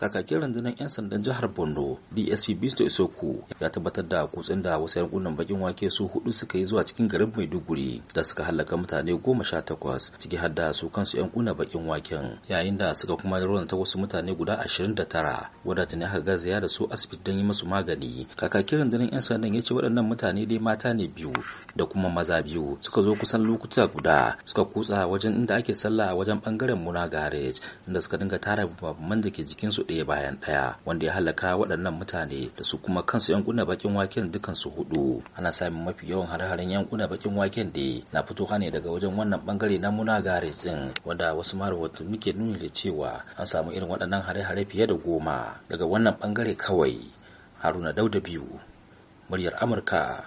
kakakin rundunar 'yan sandan jihar borno dsp bisto isoko ya tabbatar da kutsin da wasu yankunan bakin wake su hudu suka yi zuwa cikin garin maiduguri da suka halaka mutane goma sha takwas ciki har da su kansu yankunan bakin waken yayin da suka kuma ta wasu mutane guda ashirin da tara wadda ne aka garzaya da su asibiti don yi musu magani kakakin rundunar 'yan sandan ya ce waɗannan mutane dai mata ne biyu da kuma maza biyu suka zo kusan lokuta guda suka kutsa wajen inda ake sallah a wajen bangaren muna garage inda suka dinga tara babban da ke jikin su ɗaya bayan ɗaya wanda ya halaka waɗannan mutane da su kuma kansu yan kunna bakin waken dukan su hudu ana samun mafi yawan hare-haren yan kunna bakin waken da na fito ne daga wajen wannan bangare na muna garage din wanda wasu marawatu muke nuni da cewa an samu irin waɗannan hare-hare fiye da goma daga wannan bangare kawai haruna dauda biyu muryar amurka